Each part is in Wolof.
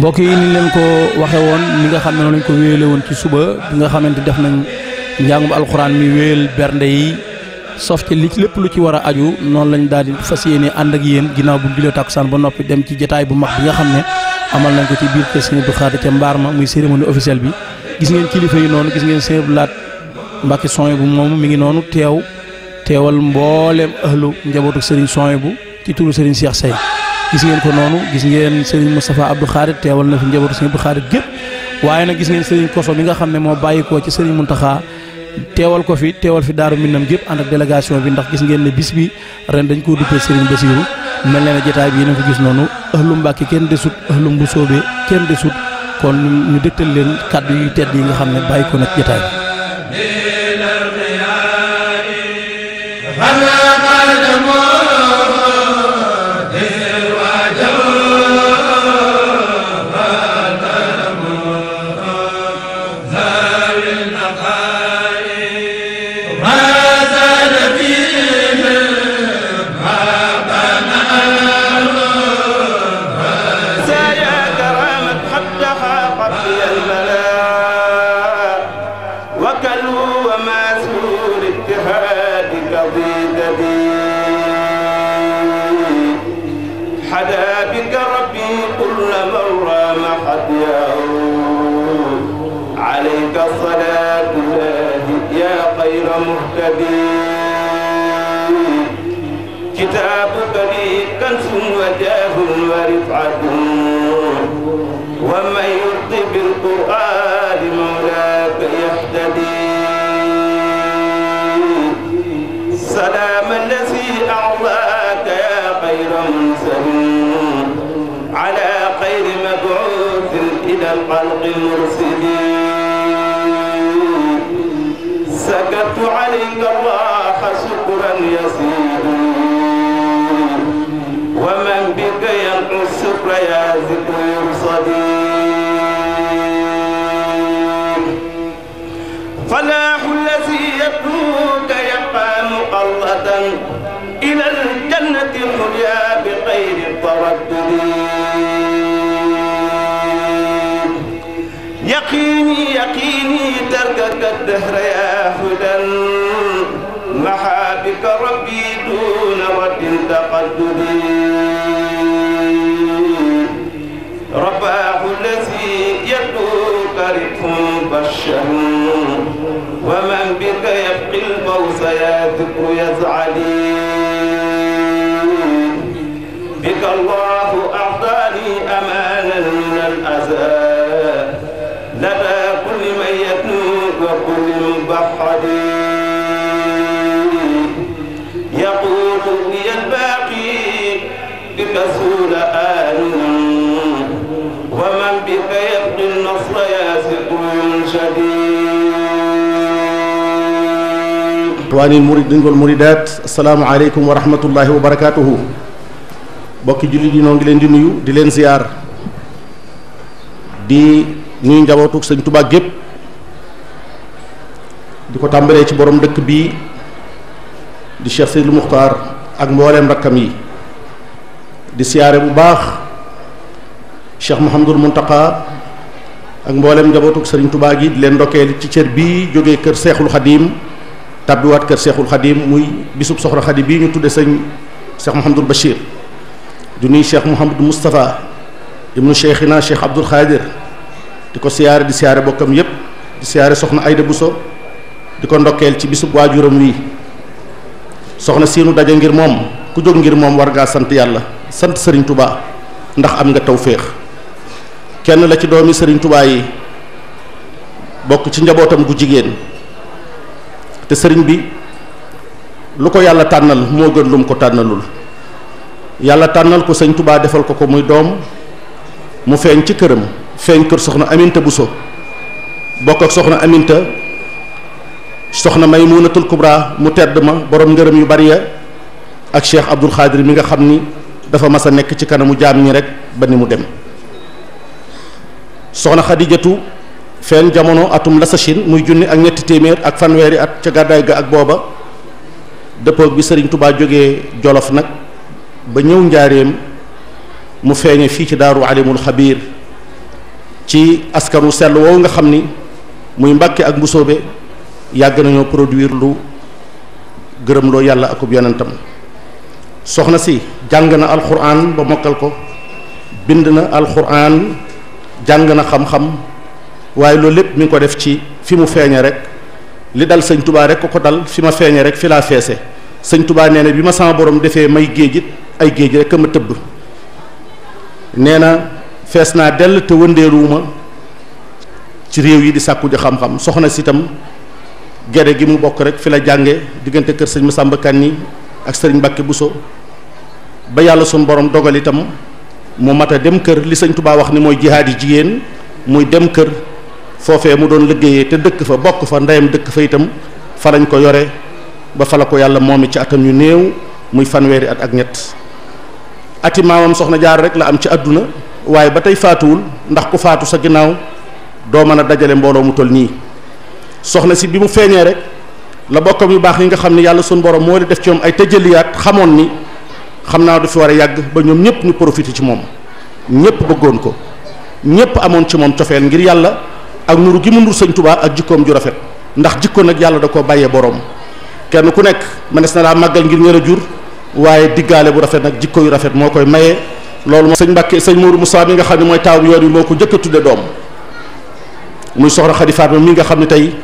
mbokk yi ni leen ko waxe woon li nga xam ne noonu lañ ko wéyale woon ci suba bi nga xamante def nañ njàngum alxuraan mi wéyal bernde yi sof ci li lépp lu ci war a aju noonu lañ daal di fas yéene ànd ak yéen ginnaaw bu julee takkusaan ba noppi dem ci jotaay bu mag bi nga xam ne amal nañ ko ci biir kër Serigne Abdou Khadre ca mbaar ma muy cérémonie officielle bi gis ngeen kilifa yi noonu gis ngeen Serigne Abdou mbaki Mbacké bu moom mi ngi noonu teew teewal mbooleem ahlu njabootu Serigne Souhaïbou ci turu Serigne Cheikh Seye gis ngeen ko noonu gis ngeen Serigne Moustapha Abdou Khadir teewal na fi njabootu Serigne Abdou Khadir gépp waaye nag gis ngeen Serigne Koso mi nga xam ne moo bàyyikoo ci Serigne Mountakha teewal ko fi teewal fi daaru Minam gépp ànd ak délégation bi ndax gis ngeen ne bis bi ren dañ koo duppee Serigne Bassirou mel na ne jotaay bi yéen a ko gis noonu ëllum Mbàkke kenn desut ëllum bu soobee kenn desut kon ñu dëgtal leen kàddu yu tedd yi nga xam ne bàyyi ko nag jotaay bi ومهتدين كتاب بني كنز وجاه ورفعة ومن يرضي بالقرآن مولاك يهتدي سلام الذي أعطاك يا خير منزل على خير مبعوث إلى الخلق مرسلين عند الله شكرا يزيد ومن بك ينقل الشكر يا ذكر صديق فلاح الذي يدعوك يبقى مقلدا إلى الجنة الحليا بغير تردد يقيني يقيني تركك الدهر يا هدى محى بك ربي دون رد تقدمي رباه الذي يدعوك ربح بشر ومن بك يبقي الفوز يا ذكر يزعم القدير يقول لي الباقي لتزول آلنا ومن بك يبقي النصر يا سقم شديد وعن المريد والمريدات السلام عليكم ورحمة الله وبركاته bokki jullit yi noo ngi leen di nuyu di leen ziyaar di nuyu njabootu sëñ Tuubaa gépp tàmbalee ci boroom dëkk bii di Cheikh lu Muxtaar ak mbooleem rakkam yi di siyaare bu baax Cheikh Mouhamadul Muntaqa ak mbooleem njabootug sëriñ Tubaa gi di leen ndokkeel ci cër bii jógee kër Seexul Xadiim tàbbiwaat kër Seexul Xadiim muy bisub soxra Xadi bii ñu tuddee sëñ Cheikh Mouhamadul Bachir du nuyu Cheikh Mouhamadou Moustapha ibnu Cheikhina Cheikh Abdoul Xaadir di ko siyaare di siyaare bokkam yépp di siyaare soxna Ayda Buso di ko ndokkeel ci bisub waajuram wi soxna siinu daje ngir moom ku jóg ngir moom war ngaa sant yàlla sant sëriñ tubaa ndax am nga tawféex kenn la ci doomi sëriñ tubaa yi bokk ci njabootam gu jigéen te sëriñ bi lu ko yàlla tànnal moo gën lu mu ko tànnalul yàlla tànnal ko sëñ tubaa defal ko ko muy doom mu feeñ ci këram feeñ kër soxna aminta buso bokk ak soxna aminta soxna Maymunatul Kubra mu tedd ma borom ngërëm yu bari ya ak Cheikh Abdul Xaadir mi nga xam ni dafa mas a nekk ci kanamu jaam ñi rek ba ni mu dem soxna Xadijatu fenn jamono atum lasachine muy junni ak ñetti téeméer ak fanweeri at ca gàddaay ga ak booba dëppoog bi Sëriñ Tubaa jóge Jolof nag ba ñëw njaareem mu feeñe fii ci daaru alimul xabiir ci askanu sell woowu nga xam ni muy Mbàkke ak Mbusoobe yàgg nañoo produir lu gërëm loo yàlla akub yonentam soxna si jàng na alxuraan ba mokkal ko bind na alxuraan jàng na xam-xam waaye loolu lépp mi ngi ko def ci fi mu feeñe rek li dal sëñ tubaa rekk ko dal fi ma feeñe rek fi laa feese sëñ tubaa nee na bi ma sama boroom defee may géejit ay géej rek a ma tëbb nee na fees naa dell te wëndeeluwuma ci réew yi di sàkku ji xam-xam soxna si tam gere gi mu bokk rek fi la jànge diggante kër sëñ Masamba Kanni ak sëriñ Mbàkke Buso ba yàlla suñu borom dogal itam mu mat a dem kër li sëñ Tubaa wax ni mooy jihaad yi jigéen muy dem kër foofee mu doon liggéeyee te dëkk fa bokk fa ndeyam dëkk fa itam fa lañ ko yore ba fa la ko yàlla moom ci atam yu néew muy fanweeri at ak ñett ati maamam soxna jaar rek la am ci àdduna waaye ba tey faatuwul ndax ku faatu sa ginnaaw doo mën a dajale mbooloo mu toll nii soxna si bi mu feeñee rek la bokkam yu baax yi nga xam ni yàlla suñu borom moo di def ci moom ay tëjaliyaat xamoon ni xam naa du fi war a yàgg ba ñoom ñëpp ñu profité ci moom ñëpp bëggoon ko ñëpp amoon ci moom cofeel ngir yàlla ak nuru gi mu nur sëñ Tuubaa ak jikkoom ju rafet ndax jikko nag yàlla da koo bàyyee borom kenn ku nekk mënees na laa màggal ngir ngeen a jur waaye diggaale bu rafet nag jikko yu rafet moo koy maye loolu ma sëñ Mbàkke sañ Mourou Moussa mi nga xam ne mooy taawu yoon wi moo ko jëkk a tudde doom muy mi nga xam ne tey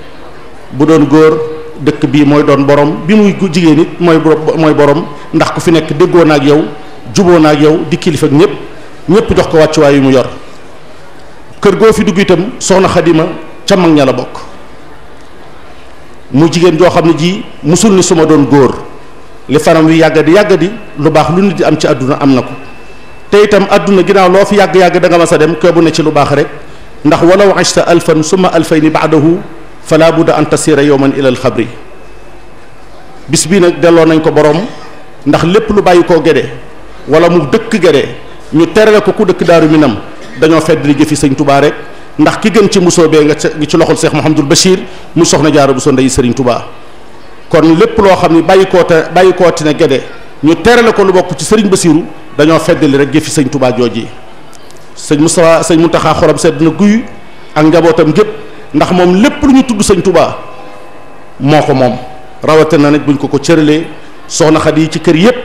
bu doon góor dëkk bii mooy doon borom bi muy jigéen it mooy mooy borom ndax ku fi nekk déggoo na ak yow juboo na ak yow di kilifa ak ñëpp ñëpp jox ko wàccuwaay yu mu yor kër goo fi dugg itam soxna xadima ca mag ña la bokk mu jigéen joo xam ne ji musul ni suma doon góor li fanam wi yàgga di yàgga di lu baax lu nit am ci àdduna am na ko te itam àdduna ginnaaw loo fi yàgg-yàgg danga ma sa dem kër bu ne ci lu baax rek ndax walaw ashta alfan summa alfayni baadahu fala budda an tasira yowman ilal xabri bis bii nag delloo nañ ko borom ndax lépp lu bàyyi koo gede wala mu dëkk gede ñu terale ko ku dëkk daaru minam dañoo fedd li jëfi sëñ tubaa rek ndax ki gën ci musoo bee nga ci loxol seex Muhammadul Bachir mu soxna jaara bu so ndeyi sëriñ tubaa kon lépp loo xam ne bàyyi koo te bàyyi koo te ne gede ñu terale ko lu bokk ci sëriñ Basiru dañoo fedd li rek jëfi sañ tubaa jooji sëñ Moustapha sëñ Muntaxa xolam sedd na guy ak njabootam gépp ndax moom lépp lu ñu tudd sëñ tubaa moo ko moom rawate na nag buñ ko ko cëralee soxna xadi yi ci kër yépp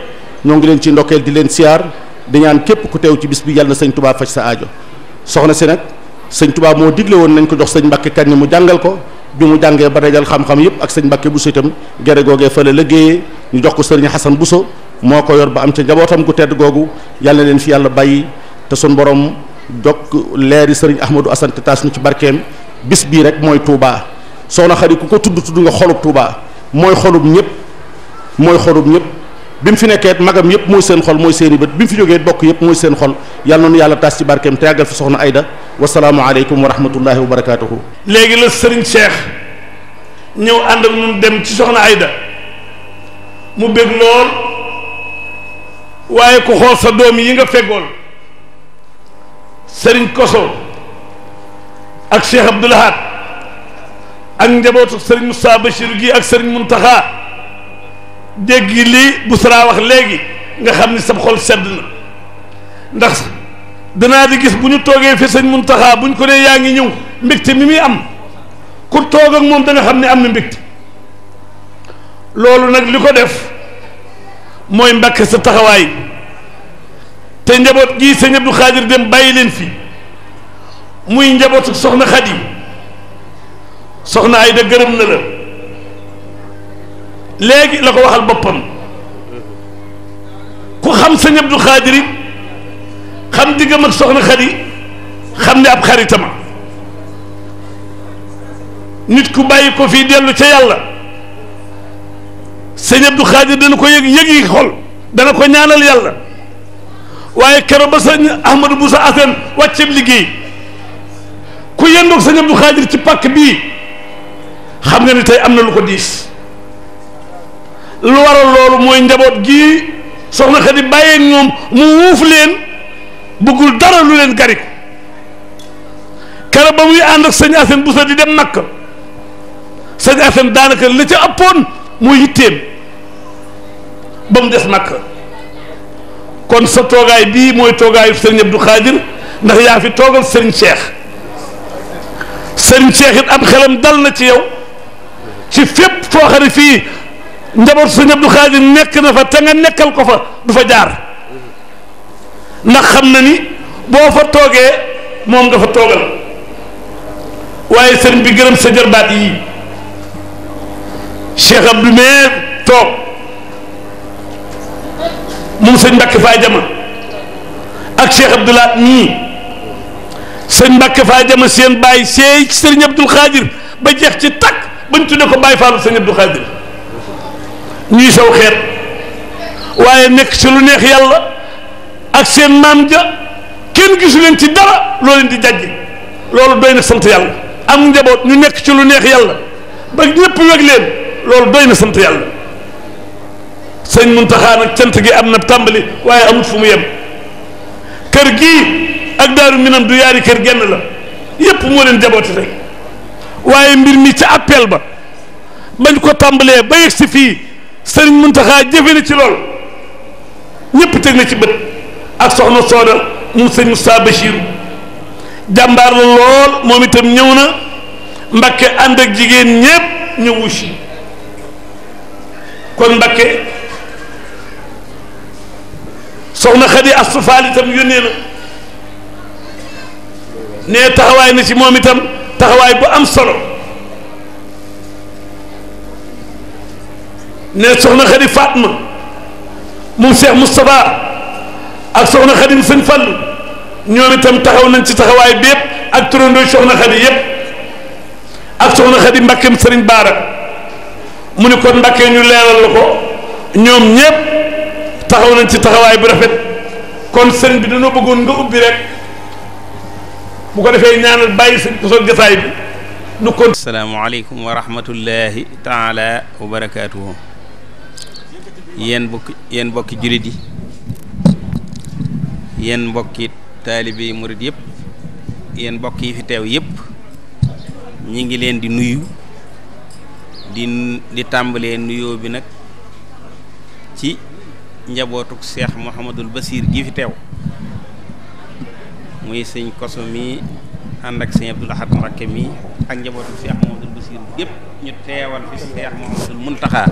ñoo ngi leen ci ndokkeel di leen siyaar di ñaan képp ku teew ci bis bi yàlla na sëñ tubaa faj sa ajo soxna si nag sëñ tubaa moo digle woon nañ ko jox sañ mbàkke kan ni mu jàngal ko bi mu jàngee ba dajal xam-xam yépp ak sañ mbàkke bu itam gere googee fële liggéeyee ñu jox ko sëriñ xasan buso moo ko yor ba am ca njabootam gu tedd googu yàlla leen fi yàlla bàyyi te sun borom jokk leeri sëriñ ahmadou asante taas ñu ci barkeem bis bii rek mooy Touba soxna Xadi ku ko tudd tudd nga xolub tuubaa mooy xolub ñëpp mooy xolub ñëpp bi mu fi nekkee magam yëpp mooy seen xol mooy seen i bët bi mu fi jógee bokk yëpp mooy seen xol yàlla noonu yàlla taas ci barkeem te yàggal fi soxna Ayda wasalaamualeykum wa rahmatullahi wa barakaatuhu. léegi la Serigne Cheikh ñëw ànd ak ñun dem ci soxna Ayda mu bég lool waaye ku xool sa doom yi nga feggoon sëriñ Koso. ak Cheikh Abdoul ak njabootu Serigne Moustapha Bachir gi ak Serigne Mountakha dégg lii bu Sara wax léegi nga xam ni sab xol sedd na ndax danaa di gis bu ñu toogee fi Serigne Mountakha bu ñu ko dee yaa ngi ñëw mbégte mi muy am ku toog ak moom da nga xam ne am na mbégte loolu nag li ko def mooy mbàkk sa taxawaay te njaboot gii sëñ Abdou Khadir dem bàyyi leen fi. muy njabootu soxna Xadi soxna Ayda gërëm na la léegi la ko waxal boppam ku xam sëñ Abdou Xaadir xam diggam ak soxna Xadi xam ne ab xaritama nit ku bàyyi ko fii dellu ca yàlla sëñ Abdou Xaadir dana ko yëg yëg yi xol dana ko ñaanal yàlla waaye keroo ba sëñ Ahmadou Boussa Assane wàcceeb liggéey. ku yendoog sëñ Abdou Khadir ci pàkk bi xam nga ni tey am na lu ko diis lu waral loolu mooy njaboot gii soxna Xadi bàyyee ñoom mu wuuf leen bëggul dara lu leen gari kere ba muy ànd ak sëñ Assane Bousso di dem Makka sëñ Assane daanaka la ci ëppoon muy yitteem ba mu des Makka kon sa toogaay bii mooy toogaayu sëriñ Abdou Khadir ndax yaa fi toogal sëriñ Cheikh. sëriñ Cheikh it am xelam dal na ci yow ci fépp foo xam ne fii njabootu sëriñ nekk na fa te nga nekkal ko fa du fa jaar ndax xam na ni boo fa toogee moom nga fa toogal waaye sëriñ bi gërëm sa jarbaat yi Cheikh Abdou Meer toog moom sëñ Mbàkke Faa Jama ak Cheikh Abdoulaat nii sëñ Mbàkke faa jama seen bàyyi seey sëriñ Abdul Xaadir ba jeex ci takk bañ tudde ko bàyyi faalu sëñ Abdul Xaadir ñuy saw xeet waaye nekk ci lu neex yàlla ak seen maam ja kenn gisu leen ci dara loo leen di jàjj loolu doy na sant yàlla am njaboot ñu nekk ci lu neex yàlla ba ñëpp weg leen loolu doy na sant yàlla sëñ Muntaxa nag cant gi am na tàmbali waaye amut fu mu yem kër ak daaru minam du yaari kër genn la yépp moo leen jaboote rek waaye mbir mi ci appel ba bañ ko tàmbalee ba yegg si fii sëriñ Muntaxa jëfe na ci lool ñëpp teg na ci bët ak soxna sooda mu sëñ Moussa Bachir jàmbaar la lool moom itam ñëw na Mbakke ànd ak jigéen ñépp ñëwu si kon Mbakke soxna Xadi Astufaal itam yónnee na nee taxawaay na ci moom itam taxawaay bu am solo nee soxna Xadi mu moom mu Moustapha ak soxna Xadi Sëñ Fallu ñoom itam taxaw nañ ci taxawaay bi yëpp ak turandoo soxna Xadi yëpp ak soxna Xadi Mbàkkeem Sëriñ Baara mu ne kon Mbàkkee ñu leeral la ko ñoom ñëpp taxaw nañ ci taxawaay bu rafet kon sëriñ bi dañoo bëggoon nga ubbi rek. bu ko defee ñaanal bàyyi sëñ Koso jotaay bi nu ko. asalaamaaleykum wa rahmatullahi taala wa barakaatuhu yéen bokki jullit yi yéen mbokki taalibe murit yëpp yéen mbokk yi fi teew yépp ñu ngi leen di nuyu di tàmbalee nuyoo bi nag ci njabootuk seex Muhammadul Basiir gi fi teew. muy sëñ koso mi ànd ak sëñ Abdul Ahad Mbakke mi ak njabootu Seex Mamadul Basiir yëpp ñu teewal fi Seex Mamadul Muntaxa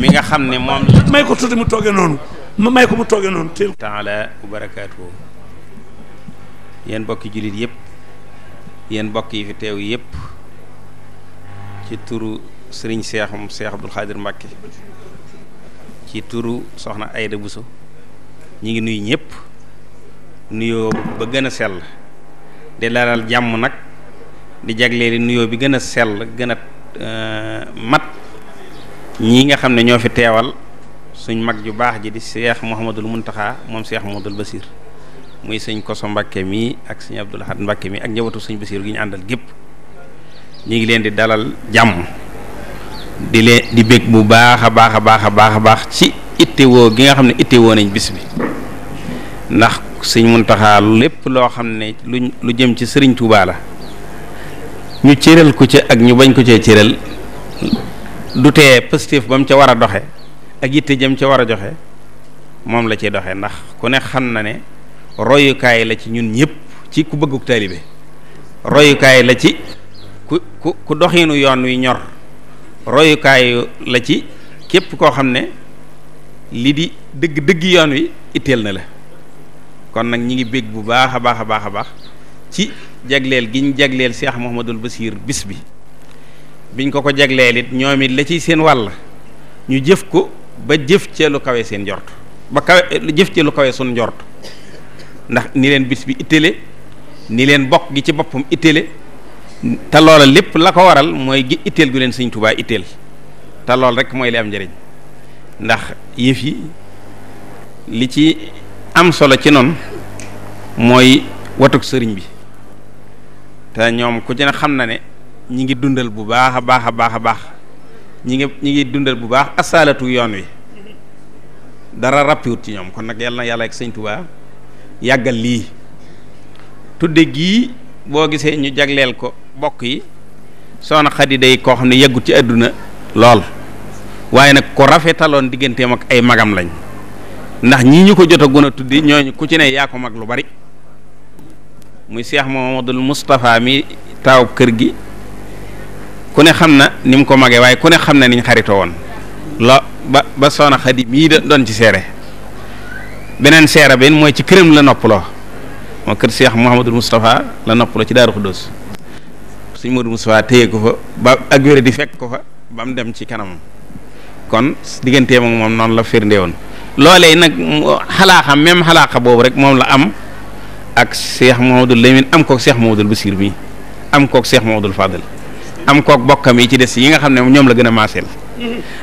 mi nga xam ne moom may ko tuuti mu tooge noonu ma may ko mu tooge noonu teel taala wa barakaatu yéen bokki jullit yëpp yéen bokk yi fi teew yëpp ci turu sëriñ seexum seex abdul xaadir mbàkke ci turu soxna ayda buso ñu ngi nuyu ñëpp nuyoo ba gën a sell di laral jàmm nag di jagleeli nuyoo bi gën a sell gën a euh, mat ñii nga xam ne ñoo fi teewal suñ mag ju baax ji di seex Muhammadul Muntaxa moom seex Muhammadul Basiir muy sëñ Koso Mbàkke mi ak sëñ Abdul Ahad Mbàkke mi ak njabootu sëñ Basiir gi ñu àndal gépp ñu ngi leen di dalal jàmm di leen di bég bu baax a baax a baax a baax a baax ci ittewoo gi nga xam ne ittewoo nañ bis bi ndax sëñ Muntaxa lépp loo xam ne luñ lu jëm ci sëriñ Tuubaa la ñu cëral ko ci ak ñu bañ ko cee cëral du tee positif ba mu ca war a doxe ak yitte jëm ca war a joxe moom la ciy doxe ndax ku ne xam na ne royukaay la ci ñun ñëpp ci ku bëgguk taalibe royukaay la ci ku ku doxiinu yoon wi ñor royukaay la ci képp koo xam ne li di dëgg dëgg yoon wi itteel na la kon nag ñi ngi bég bu baax a baax a baax a baax ci jagleel gi ñu jagleel Cheikh Mouhamadul Basiir bis bi biñ ko ko jagleel it ñoom it la ciy seen wàll ñu jëf ko ba jëf cee lu kawe seen njort ba kawe jëf cee lu kawe sun ndax ni leen bis bi ittale ni leen bokk gi ci boppam ittale te loola lépp la ko waral mooy gi itteel gu leen Sëñ Tuubaa itteel te lool rek mooy li am njëriñ ndax yëf yi li ci am solo ci noonu mooy watuk sëriñ bi te ñoom ku ci ne xam na ne ñi ngi dundal bu baax a baax a baax a baax ñi ngi ñi ngi dundal bu baax asaalatu yoon wi dara rappiwut ci ñoom kon nag yàlla na yàlla ak sëñ Tuubaa yàggal lii tudde gii boo gisee ñu jagleel ko bokk yi soxna Xadi day koo xam ne yeggut ci àdduna lool waaye nag ko rafetaloon digganteem ak ay magam lañ ndax ñii ñu ko jot a gën a tuddi ñooñu ku ci ne yaa ko mag lu bari muy seex Mamadul Moustapha mi taaw kër gi ku ne xam na ni mu ko magee waaye ku ne xam na niñ xarito woon la ba ba soxna Xadi mii doon ci seere beneen seere benn mooy ci këram la noppaloo moo kër seex Mouhamadul Moustapha la noppaloo ci Daaru Xuddoos suñ Modou Moustapha téye ko fa ba ak wér di fekk ko fa ba mu dem ci kanamam kon digganteem ak moom noonu la firndee woon loolee nag xalaaxa même xalaaxa boobu rek moom la am ak Cheikh Mouhamadoul Lamine am kook Cheikh Mouhamadoul Bassir mi am kook Cheikh Mouhamadoul Fadel am kook bokkam yi ci des yi nga xam ne ñoom la gën a maaseel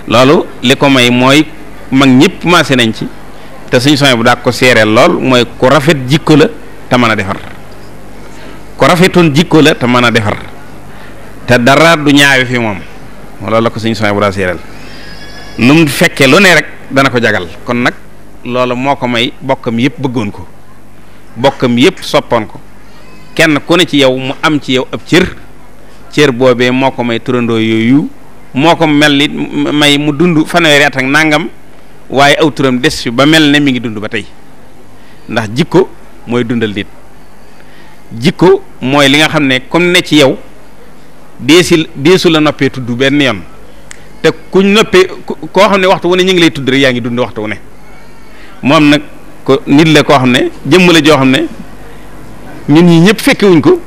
loolu li ko may mooy mag ñëpp maase nañ ci te suñ sooy bu daa ko seereel lool mooy ku rafet jikko la te mën a defar ku rafetoon jikko la te mën a defar te dara du ñaawi fi moom lool la ko suñ sooy bu daa seereel lu mu fekkee lu ne rek dana ko jagal kon nag loola moo ko may bokkam yëpp bëggoon ko bokkam yëpp soppoon ko kenn ku ne ci yow mu am ci yow ab cër cër boobee moo ko may turandoo yooyu moo ko mel ni may mu dund fanweeri at ak nangam waaye aw turam des fi ba mel ne mi ngi dund ba tey ndax jikko mooy dundal nit jikko mooy li nga xam ne comme ne ci yow deesil deesu la noppee tudd benn yoon te kuñ noppee koo xam ne waxtu wu ne ñu ngi lay tudd rek yaa ngi dund waxtu wu ne moom nag ko nit la koo xam ne jëmm la joo xam ne ñun ñi ñëpp fekkewuñ ko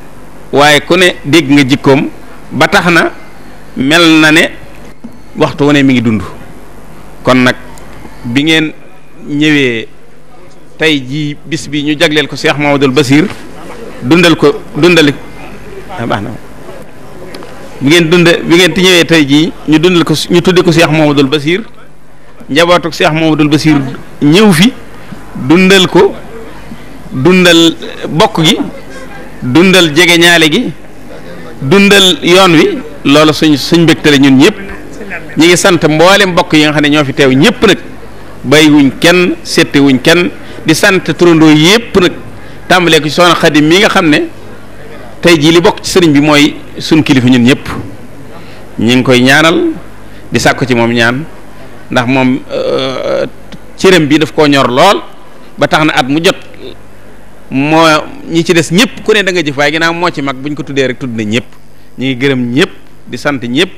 waaye ku ne dégg nga jikkoom ba tax na mel na ne waxtu wu ne mi ngi dund kon nag bi ngeen ñëwee tey jii bis bi ñu jagleel ko Cheikh Mamadou Basir dundal ko dundal ah, baax na bi ngeen dund bi ngeen ti ñëwee tey jii ñu dundal ko ñu tudde ko Cheikh Mamadou Bassir njabootu Cheikh Mamadou Bassir ñëw fi dundal ko dundal bokk gi dundal jege ñaale gi dundal yoon wi loolo suñ suñ mbégtale ñun ñëpp ñu ngi sant mboolem mbokk yi nga xam ne ñoo fi teew ñëpp nag bàyyiwuñ kenn settewuñ kenn di sant turandoo yëpp nag tàmbalee ko ci soxna mi nga xam ne tey jii li bokk ci sëriñ bi mooy suñ kilifa ñun ñëpp ñu ngi koy ñaanal di sàkku ci moom ñaan ndax moom euh, cërëm bii daf koo ñor lool ba tax na at mu jot moo ñi ci des ñëpp ku ne da nga jëf waaye ginnaaw moo ci mag bu buñ ko tuddee rek tudd na ñëpp ñu ngi gërëm ñëpp di sant ñëpp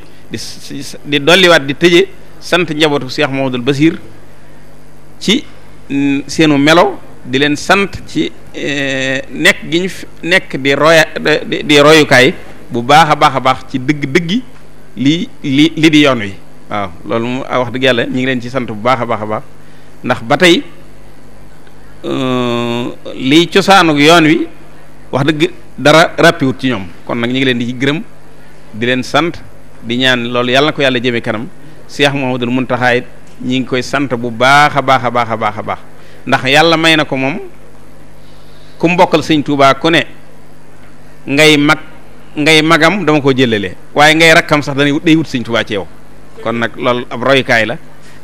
di dolliwaat di tëje sant njabootu Cheikh Mamadou Basir ci seenu melo di leen sant ci Eh, nekk gi ñu nekk di roya di royukaay bu baax a baax a baax ci dëgg dëggi lii lii li di yoon wi waaw loolu mu wax dëgg yàlla ñu ngi leen ci sant bu baax a baax a baax ndax ba tey eh, liy cosaanuk yoon wi wax dëgg dara ràppiwut ci ñoom kon nag ñu ngi leen di gërëm di leen sant di ñaan loolu yàlla ko yàlla jëme kanam Cheikh Mouhamadoul Mountakha it ñi ngi koy sant bu baax a baax a baax a baax a baax ndax yàlla may na ko moom ku mbokkal sëñ Tuubaa ku ne ngay mag ngay magam dama ko jëlale waaye ngay rakkam sax dañuy day wut sëñ Tuubaa ci yow kon nag lool ab royukaay la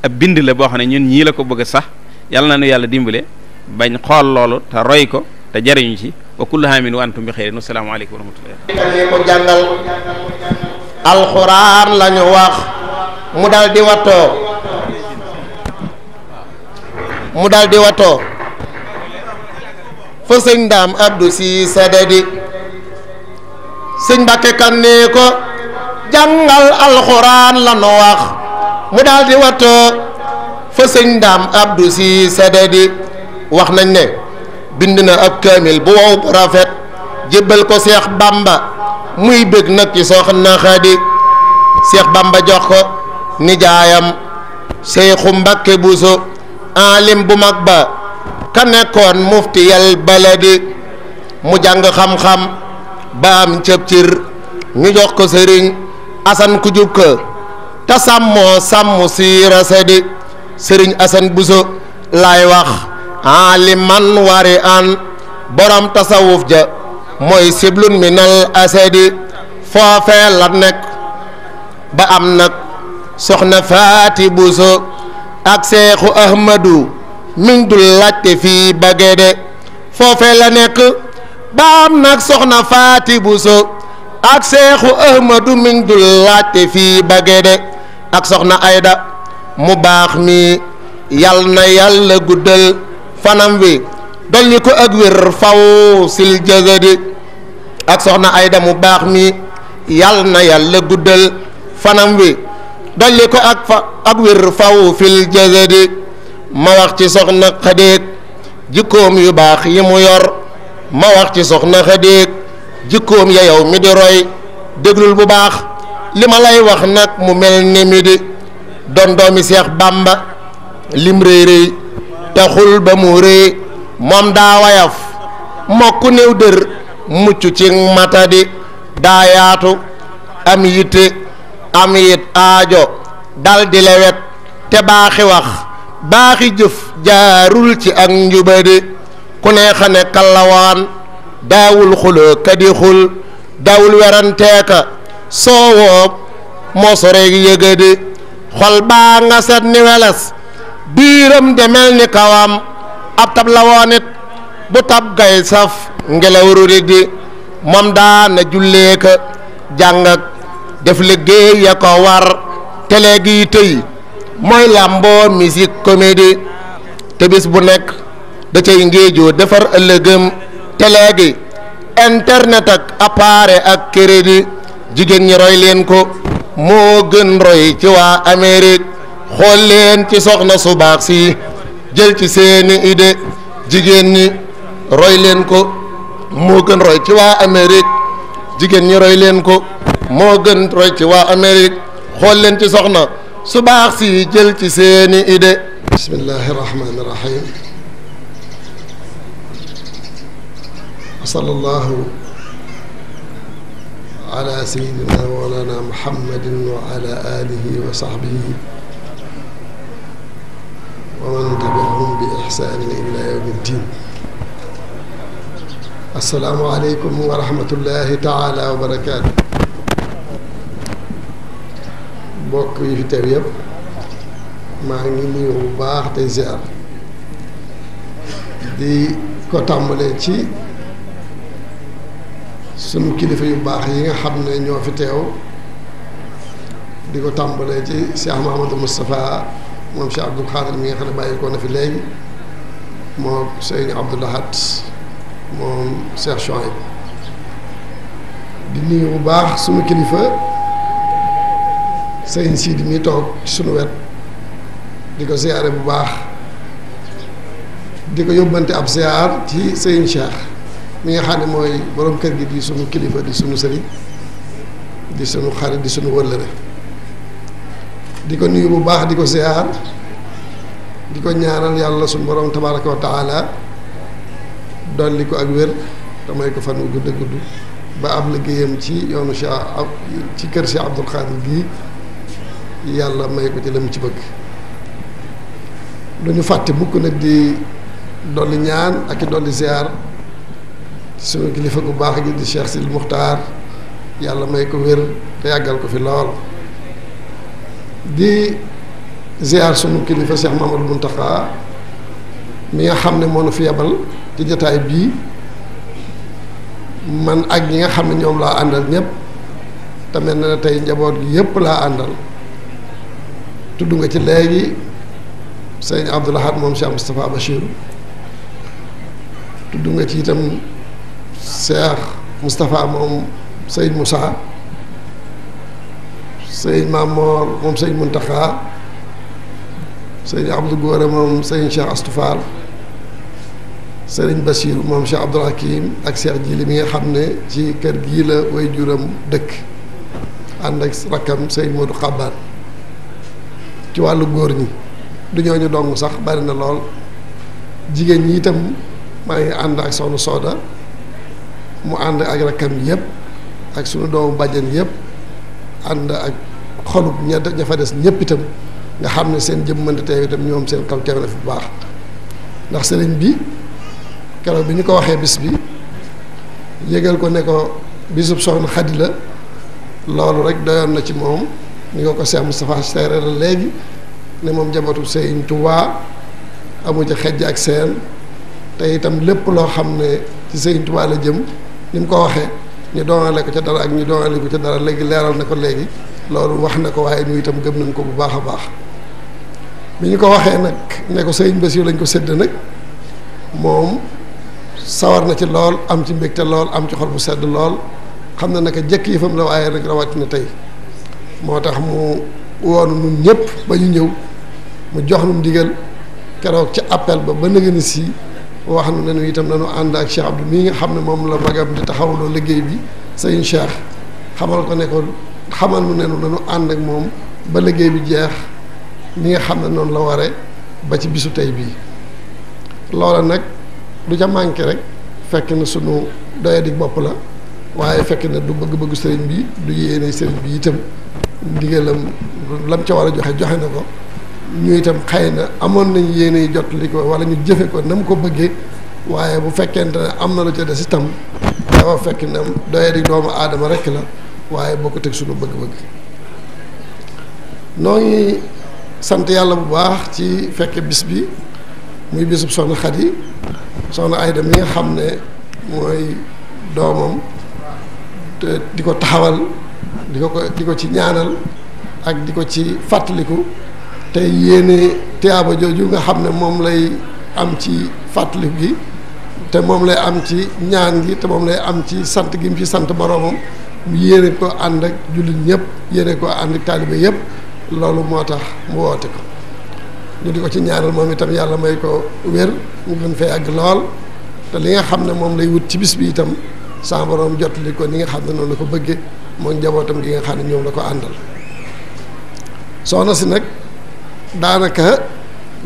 ab bind la boo xam ne ñun ñii la ko bëgg sax yàlla na nu yàlla dimbale bañ xool loolu te roy ko te jariñu ci wa kullu haamin wa antum bi xeyrin asalaamaaleykum wa rahmatullahi wax mu dal di wattoo mu dal di fa sëñ daam abdu si sëñ mbàkke kan ko jàngal alxuraan la nu wax mu daal di fa sëñ daam abdu si wax nañ ne bind na ab kaamil bu wow bu rafet jébbal ko seex bamba muy bëgg nag ci soxna xadi seex bamba jox ko nijaayam seyxu mbàkke buso alim bu mag ba ka nekkoon muftiyal baladi mu jàng xam-xam ba am cëb cir ñu jox ko sëriñ asan ku jub ka te sàmmoo sàmm siira sadi sëriñ asan buso laay wax aliman wari an borom tasawuf ja mooy siblun minal asadi foofee la nekk ba am nag soxna faati buso ak seexu ahmadu miñ dul laajte fii bagede foofe la nekk baam nag soxna faati buso ak seexu ahmadu miñ dul laajte fii bagede ak soxna ayda mu baax mi yal na yàlla guddal fanam wi dolli ko ak wér faw sil jëgadi ak soxna ayda mu baax mi yal na yàlla guddal fanam wi dolli ko ak fa ak wér faw fil jëgadi ma wax ci soxna xadéeg jikkoom yu baax yi mu yor ma wax ci soxna xadéeg jikkoom ya mi di roy déglul bu baax li ma lay wax nag mu mel ni mi di doon Seex Bàmba lim réy réy taxul ba mu réy moom daa wayaf mokku néew dër mucc ci matadi daa yaatu am yitte am yit aajo dal lewet te baaxi wax baaxi jëf jaarul ci ak njubadi ku neexa ne kallawaan daawul xuloo kadixul daawul weranteeka soowoog moo soreeg yëgadi xol baa nga set ni weles biiram demel ni kawam ab tab la woon it bu tab gay saf ngelaw rurig di moom daana julleeka jàng def liggéey ya ko war te léegi tëy mooy làmboo musique comédie te bis bu nekk da cay ngéejoo defar ëllëgëm te léegi internet ak appareil ak crédit jigéen ñi roy leen ko moo gën roy ci waa Amérique xool leen ci soxna su baax si jël ci seeni idée jigéen ñi roy leen ko moo gën roy ci waa Amérique jigéen ñi roy leen ko moo gën roy ci waa Amérique xool leen ci soxna su baax si jël ci seeni idée bismillahi rahmaani rahim wa sallallahu ala sayidina mawlana muhammadin wa ala alihi wa sahbihi wa man tabiahum bi ihsanin ila yawmi ddin assalaamu aleykum wa rahmatullahi taala wa barakatuh mbokk yi fi teew yëpp maa ngi nuyu bu baax tey ziar di ko tàmbalee ci sunu kilifa yu baax yi nga xam ne ñoo fi teew di ko tàmbalee ci Cheikh Mahamadou Moustapha moom Cheikh Abdoul Khadir mi nga xam ne bàyyi ko na fi léegi moom Sëñ Abdou Lahad moom Cheikh Chouaib di nuyu bu baax sunu kilifa. sëriñ Sidi mi toog ci sunu wet di ko ziyaare bu baax di ko yóbbante ab ziyaar ci sëriñ Cheikh mi nga xam mooy boroom kër gi di sunu kilifa di sunu sëriñ di sunu xarit di sunu wëllëre di ko nuyu bu baax di ko ziyaar di ko ñaaral yàlla sunu borom tabaaraka wa taala dolli ko ak wér damay ko fan wu gudd gudd ba ab liggéeyam ci yoonu Cheikh ci kër Cheikh Abdoul Khadir gii yàlla may ko ci lam ci bëgg duñu fàtte mukk nag di dolli ñaan ak i dolli ziar suñu kilifa gu baax gi di Cheikh Sil Muxtaar yàlla may ko wér ko fi lool di ziar suñu kilifa Cheikh Mamadou Muntaxa mi nga xam ne moo nu fi yebal ci jataay bii man ak ñi nga xam ne ñoom laa àndal ñëpp te mel na ne tey njaboot gi yëpp laa àndal tudd nga ci léegi sëñ Abdoul Ahad moom Cheikh Moustapha Bachir tudd nga ci itam Cheikh Moustapha moom mussa Moussa sëñ Mamor moom sëñ Muntaxa sëñ Abdou Góore moom sëñ Cheikh Astoufal sëriñ Bachir moom Cheikh Abdoul Hakim ak Cheikh Jili mi nga xam ne ci kër gii la way juram dëkk ànd ak rakkam sëñ Modou Xabbaan ci wàllu góor ñi du ñu dong sax bari na lool jigéen ñi itam maa ngi ànd ak soxna Sooda mu ànd ak rakkam yëpp ak sunu doomu bàjjan yëpp ànd ak xolub ña ña des ñëpp itam nga xam ne seen jëmmante teew itam ñoom seen kaw teew na fi bu baax ndax sëriñ bi keroog bi ñu ko waxee bis bi yëgal ko ne ko bisub soxna Xadi la loolu rek doyoon na ci moom. ni nga ko Cheikh Moustapha seere la léegi ne moom jabatu Sëriñ Tuubaa amu ci xejj ak seen te itam lépp loo xam ne ci Sëriñ Tuubaa la jëm ni mu ko waxee ñu doonale ko ca dara ak ñu doonale ko ca dara léegi leeral na ko léegi loolu wax na ko waaye ñu itam gëm nañ ko bu baax a baax bi ñu ko waxee nag ne ko Sëriñ Bassirou lañ ko sédd nag moom sawar na ci lool am ci te lool am ci xol bu sedd lool xam na naka jëkk yëfam la waaye nag rawatina tey moo tax mu woonu nun ñëpp ba ñu ñëw mu jox nu ndigal keroog ca appel ba ba nëgëni si wax nu ne itam nanu ànd ak Cheikh Abdou mii nga xam ne moom la magam di taxawloo liggéey bi sëñ Cheikh xamal ko ne xamal nu ne nanu ànd ak moom ba liggéey bi jeex ni nga xam ne noonu la waree ba ci bisu tey bii loola nag du ca manqué rek fekk na sunu doyadi bopp la waaye fekk na du bëgg-bëggu sëriñ bi du yéene sëriñ bi itam ndigalam lam ca war a joxe joxe na ko ñu itam xëy na amoon nañ yéene jot li ko wala ñu jëfe ko na mu ko bëggee waaye bu fekkente ne am na lu ca des itam dafa fekk ne doye di doomu aadama rek la waaye boo ko teg sunu bëgg-bëgg noo sant yàlla bu baax ci fekke bis bi muy bisub soxna Xadi soxna Ayda mi nga xam ne mooy doomam di ko taxawal di ko ko di ko ci ñaanal ak di ko ci fàttaliku te yéene tiyaaba jooju nga xam ne moom lay am ci fàttaliku gi te moom lay am ci ñaan gi te moom lay am ci sant gi mu ci sant boroomam yéene ko ànd ak jullit ñëpp yéene ko ànd ak taalibe yëpp loolu moo tax mu woote ko ñu di ko ci ñaanal moom itam yàlla may ko wér mu gën fee yàgg lool te li nga xam ne moom lay wut ci bis bi itam sa borom jotali ko ni nga xam ne noonu la ko bëggee mooy njabootam gi nga xam ne ñoom la ko àndal soxna si nag daanaka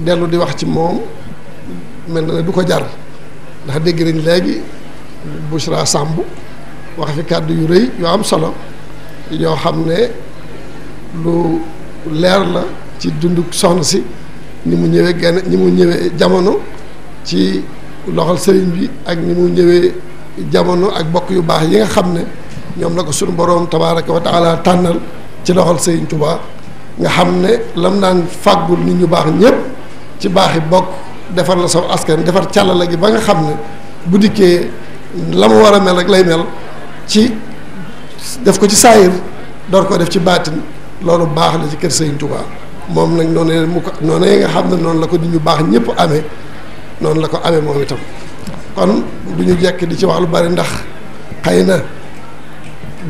dellu di wax ci moom mel na ne du ko jar ndax dégg nañ léegi Bouchra Samb wax fi kàddu yu rëy yoo am solo yoo xam ne lu leer la ci dundu soxna si ni mu ñëwee genn ni mu ñëwee jamono ci loxol sëriñ bi ak ni mu ñëwee jamono ak bokk yu baax yi nga xam ne ñoom la ko suñu boroom tabaaraka wa taala tànnal ci loxol Sëriñ Tuubaa nga xam ne lam daan fàggul nit ñu baax ñépp ci baax baaxi bokk defar la saw askan defar càllala gi ba nga xam ne bu dikkee la mu war a mel rek lay mel ci def ko ci saayir door koo def ci baatin loolu baax la ci kër Sëriñ Tuubaa moom nag noonu mu ko noonu nga xam ne noonu la ko nit ñu baax ñépp amee noonu la ko amee moom itam kon du ñu jekk di ci wax lu bari ndax xay na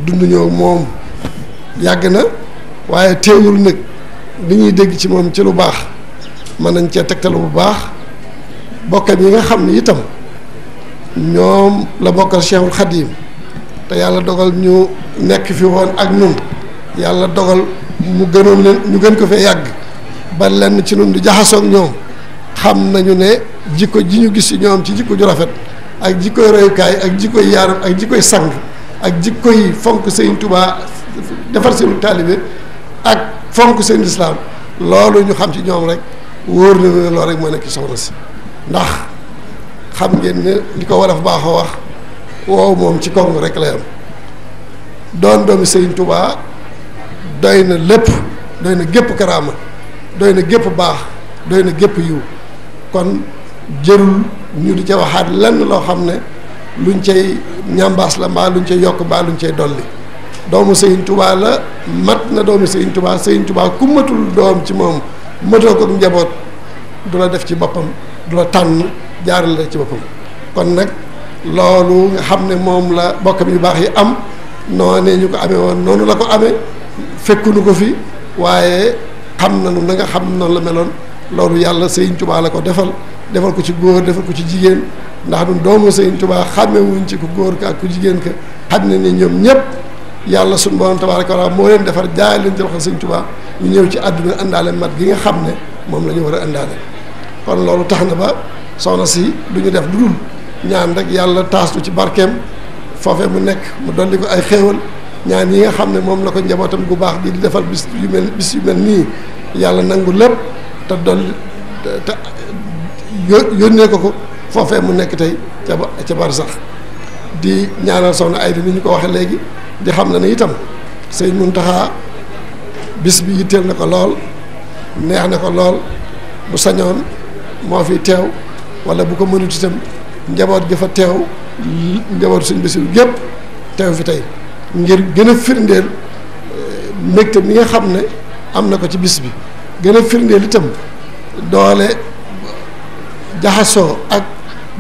dunduñoo moom yàgg na waaye teewul nag li ñuy dégg ci moom ci lu baax mën nañ cee tegtal bu baax bokkam yi nga xam ni itam ñoom la bokkal Cheikhul Khadim te yàlla dogal ñu nekk fi woon ak ñun yàlla dogal mu gënoon leen ñu gën ko fi yàgg ba lenn ci ñun di jaxasoog ñoom xam nañu ne jikko ji ñu gis ci ñoom ci jikko ju rafet ak jikkoy reyukaay ak jikkoy yaaram ak jikkoy sang ak jikko yi fonk sëñ Tuubaa defar seenu taalibe ak fonk seen lislaam loolu ñu xam ci ñoom rek wóor na ne loolu rek moo nekk ci soxna si ndax xam ngeen ne li ko war a baaxoo wax wow moom ci kong rek lay am doon doomi sëñ Tuubaa doy na lépp doy na gépp karaama doy na gépp baax doy na gépp yiw kon jërul ñu di ca waxaat lenn loo xam ne luñ cay ñambaas la mbaa luñ cee yokk mbaa luñ cee dolli doomu Sëriñ Tuubaa la mat na doomu Sëriñ Tuubaa Sëriñ Tuubaa ku matul doom ci moom matoo ko njaboot du la def ci boppam du la tànn jaaral la ci boppam kon nag loolu nga xam ne moom la bokkam yu baax yi am noonee ñu ko amee woon noonu la ko ame fekkunu ko fi waaye xam nañu na nga xam noonu la meloon loolu yàlla Sëriñ Tuubaa la ko defal defal ko ci góor defal ko ci jigéen ndax du doomu Sëriñ tubaa xàmme wuñ ci ku góor ka ak ku jigéen ka xam nañ ne ñoom ñëpp yàlla suñu borom tabaaraka wa taala moo leen defar jaay leen ci loxo Sëriñ ñu ñëw ci àdduna àndaale mat gi nga xam ne moom la ñu war a àndaale kon loolu tax na ba soxna si du ñu def lu dul rek yàlla taastu ci barkeem foofee mu nekk mu dolli ko ay xéewal ñaan yi nga xam ne moom la ko njabootam bu baax gi di defal bis yu mel bis yu mel nii yàlla nangu lépp te dolli te yo yónnee ko ko foofee mu nekk tey ca ba sax di ñaanal soxna ay bi ni ñu ko waxee léegi di xam ne ni itam sëñ Muntaxa bis bi yitteel na ko lool neex na ko lool bu sañoon moo fi teew wala bu ko mënut itam njaboot gi fa teew njaboot suñ bisiw gépp teew fi tey ngir gën a firndeel eh, mbégte mi nga xam ne am na ko ci bis bi gën a firndeel itam doole jaxasoo ak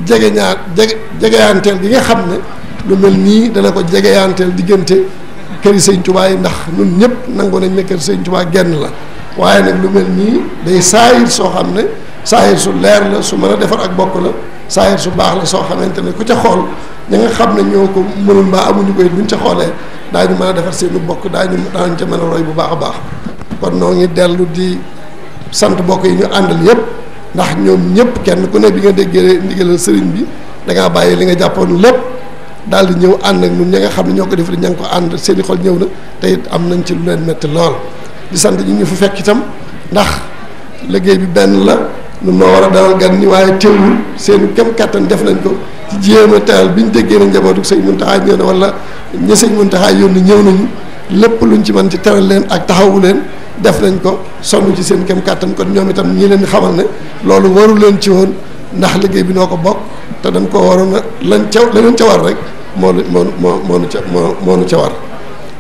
jegeñaat jege jegeyanteel bi nga xam ne lu mel nii dana ko jegeyanteel diggante këri sëñ Tuubaa yi ndax ñun ñëpp nangu nañ ne kër sëñ Tuubaa genn la waaye nag lu mel nii day saayir soo xam ne saayir su leer la su mën a defar ak bokk la saayir su baax la soo xamante ne ku ca xool ña nga xam ne ñoo ko mënul mbaa amuñu ko it buñ ca xoolee ñu mën a defar seenu bokk daañu daañu ca mën a roy bu baax a baax kon noo ngi dellu di sant bokk yi ñu àndal yëpp ndax ñoom ñëpp kenn ku ne bi nga déggee ndigalal sëriñ bi da ngaa bàyyi li nga jàppoon lépp daal di ñëw ànd ak ñun ña nga xam ne ñoo ko def ña ngi ko ànd seen i ñëw na te am nañ ci lu leen métti lool di sant ñu ñu fu fekk itam ndax léggéey bi benn la ñun moo war a dalal gan ñi waaye teewul seen kem kattan def nañ ko ci jéem a teral bi ñu déggee nañ njabootu sëñ Muntaxa ñëw na wala ña sëñ Muntaxa yónni ñëw nañu lépp lu ñu ci mën ci teral leen ak taxawu leen def nañ ko sonn ci seen kem kàttan kon ñoom itam ñi leen xamal ne loolu waru leen ci woon ndax liggéey bi noo ko bokk te dañ ko waroon a lan ca la leen ca war rek moo moo moo moo nu ca moo moo nu ca war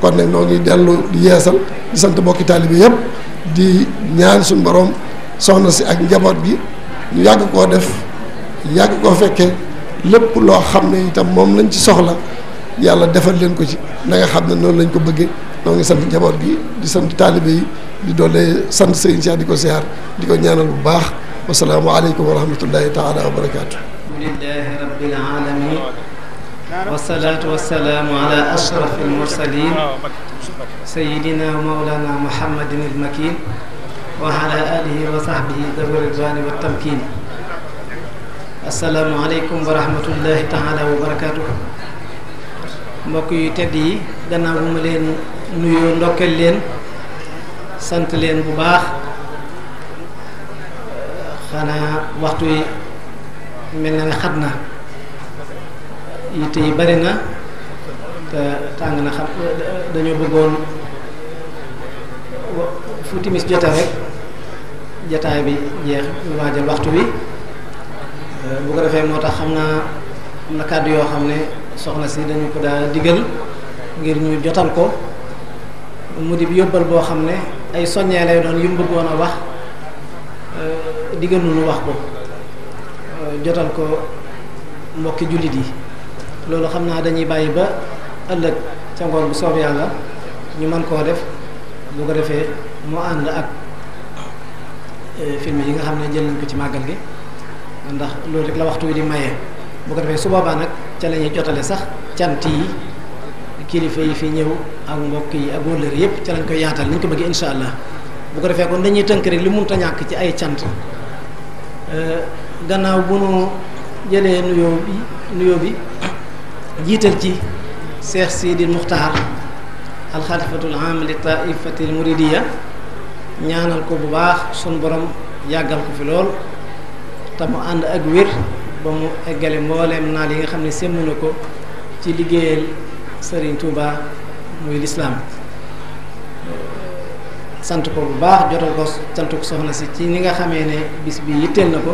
kon nag noo ngi dellu yeesal sant mbokki taalibe yëpp di ñaan suñu borom soxna si ak njaboot gi yàgg koo def yàgg koo fekkee lépp loo xam ne itam moom lañ ci soxla yàlla defal leen ko ci na xam ne noonu lañ ko bëggee ñoo ngi sant njaboot gi di sant taalibe yi di doole sant sëriñ Cheikh di ko siyaar di ko ñaanal bu baax wasalaamu aleykum wa rahmatullahi taala wa barakaatu. alhamdulilahi rabbil alamin wasalaatu wasalaamu ala ashraf almursalin sayidina mawlana muhammadin almakin wa ala alihi wa sahbihi dawi ridwani wa tamkin asalaamu aleykum wa rahmatullahi taala wa barakaatu mbokk yu tedd yi gannaaw bu ma leen nuyoo ndokkeel leen sant leen bu baax xanaa waxtu yi mel na ne xat na yitte yi bari na tàng na xam dañoo bëggoon fu timis jote rek jataay bi jeex ñu waajal waxtu bi euh, bu ko defee moo tax xam naa am yoo xam ne soxna si dañu ko daa digal ngir ñu jotal ko mu di yóbbal boo xam ne ay soññee lay doon yu mu bëggoon a wax euh, diggante nu wax ko euh, jotal ko mbokki jullit yi loolu xam naa dañuy bàyyi ba ëllëg ca ngoon bu soob yàlla ñu mën koo def boo ko defee moo ànd ak euh, film yi nga xam ne jël nañ ko ci màggal gi ndax loolu rek la waxtu wi di maye bu ko defee su boobaa nag ca lañuy ñuy jotale sax cant yi kilifa yi fi ñëw. ak mbokk yi ak wëllër yëpp ca lañ koy yaatal ni ñu ko bëggee insha allah bu ko defee kon dañuy tënk rek li mënut a ñàkk ci ay cant eh, gannaaw bu nu jëlee nuyoo bi jiital ci Cheikh Sidi Muxtaar alxalifatul am li taifatil muridiya ñaanal ko bu baax sun borom yàggal ko fi lool te mu ànd ak wér ba mu eggale mbooleem naa li nga xam ne sémm na ko ci liggéeyal Serigne Touba muy lislaam sant ko bu baax jotal ko sant ko soxna si ci ni nga xamee ne bis bi yitteel na ko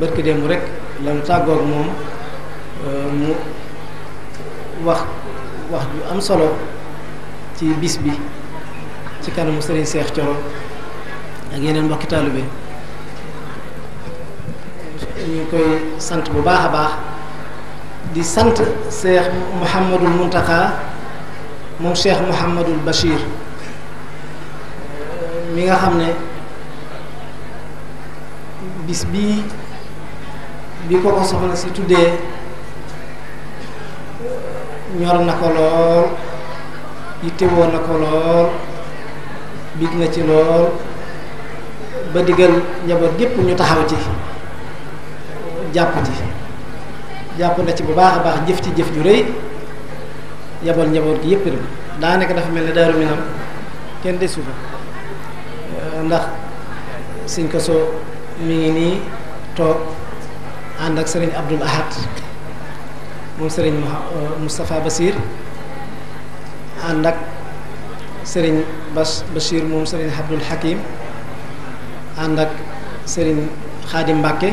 barki démb rek la mu tàggoog moom euh, mu wax wax ju am solo ci bis bi ci kanamu Serigne Cheikh Thioro ak yeneen mbokki taalibe ñu koy sant bu baax a baax di sant Cheikh Mouhamadul Mountakha moom Cheikh Mouhamadul Bachir mi nga xam ne bis bi bi ko ko soxna si tuddee ñor na ko lool yittewoo na ko lool big na ci lool ba digal njaboot gépp ñu taxaw ci jàpp ci jàpp na ci bu baax a baax jëf ci jëf ju rëy yaboon njaboot gi yëpp rek daanaka dafa mel ne daaru minam kenn de fa euh, ndax sëñ Koso mi ngi nii toog ànd ak sëriñ Abdul Ahad moom sëriñ euh, Moustapha Basir ànd ak sëriñ Bas Bachir moom sëriñ Abdul Hakim ànd ak sëriñ Xaadi Mbàkke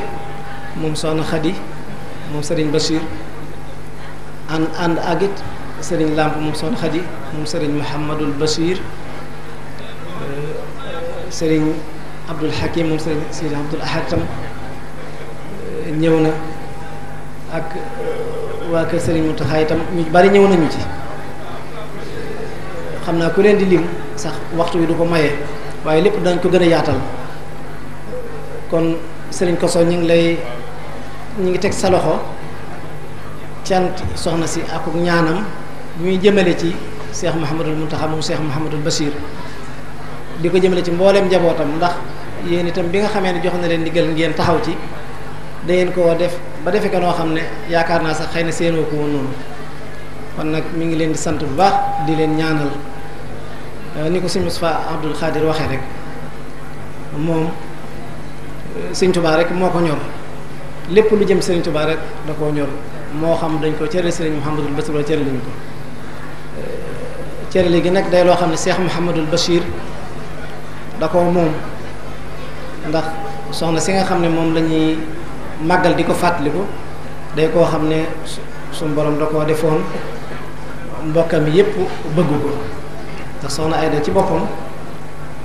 moom soxna Xadi moom sëriñ Bachir ànd ànd ak sëriñ Lamp moom soxna Xadi moom sëriñ Mouhamadul Bachir sëriñ Abdul Hakim moom sëriñ sëriñ Abdul Ahad tam ñëw na ak waa kër sëriñ Mountakha itam ñu bari ñëw nañu ci xam naa ku leen di lim sax waxtu wi du ko maye waaye lépp dañ ko gën a yaatal kon sëriñ Koso ñu ngi lay ñu ngi teg sa loxo cant soxna si ak ñaanam. bu muy jëmale ci seex Muhammadul Muntaxa moom seex Muhammadul Basiir di ko jëmale ci mbooleem njabootam ndax yéen itam bi nga xamee ne jox na leen ndigal ngeen taxaw ci dangeen koo def ba defe ko noo xam ne yaakaar naa sax xëy na seenoo ko woon noonu kon nag mu ngi leen di sant bu baax di leen ñaanal euh, ni ko sëñ Moustapha Abdoul Khadir waxe rek moom euh, sëñ Touba rek moo ko ñor lépp lu jëm sëriñ Touba rek da koo ñor moo xam dañ ko cëral sëriñ Mouhamadul Basiir cëral lañu ko cërale gi nag day loo xam ne Cheikh Mouhamadul Bachir da ko moom ndax soxna si nga xam ne moom lañuy ñuy màggal di ko fàttaliku day koo xam ne suñu borom da koo defoon mbokkam yépp bëgg ko ndax soxna Ayda ci boppam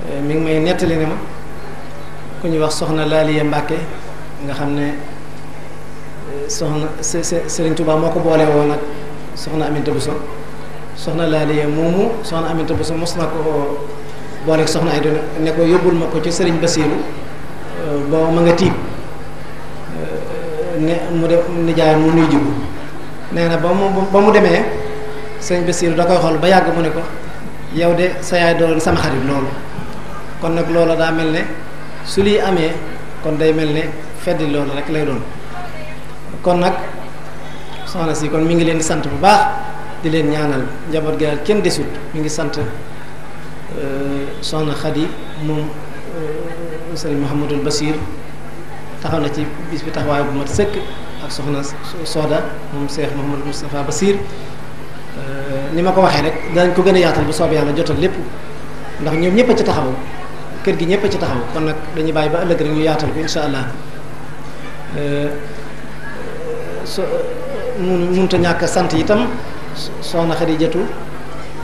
eh, mi ngi may nettali ne ma ku ñuy wax soxna Laaliya Mbàkke nga xam ne eh, soxna Serigne Touba moo ko boole woon ak soxna Aminta Bousso soxna Laalie moomu soxna Aminta Bousso mos na ko booleeg soxna Ayda ne ko yóbbul ma ko ci sëriñ Basiiru euh, boo ma nga tiib euh, ne mu de nijaay mu nuy jigu nee na ba mu ba mu demee sëriñ Basiiru da koy xool ba yàgg mu ne ko yow de sa yaay doon sama xarit loolu kon nag loola daa mel ne su lii amee kon day mel ne fedd loolu rek lay doon kon nag soxna si kon mu ngi leen sant bu baax di leen ñaanal njaboot gi daal kenn desut mu ngi sant euh, soxna Khady moom euh, sëriñ Mouhamadul Basir taxaw na ci bis bi taxawaay bu mat sëkk ak soxna Soda moom Cheikh Mouhamadul Moustapha Basir euh, ni ma ko waxee rek danañ ko gën a yaatal bu soobee yàlla jotal lépp ndax ñoom ñëpp ci taxaw kër gi ñëpp a ci taxaw kon nag dañuy bàyyi ba ëllëg rek ñu yaatal ko insha allah so mun munta ñàkk sant itam soxna Xadijatu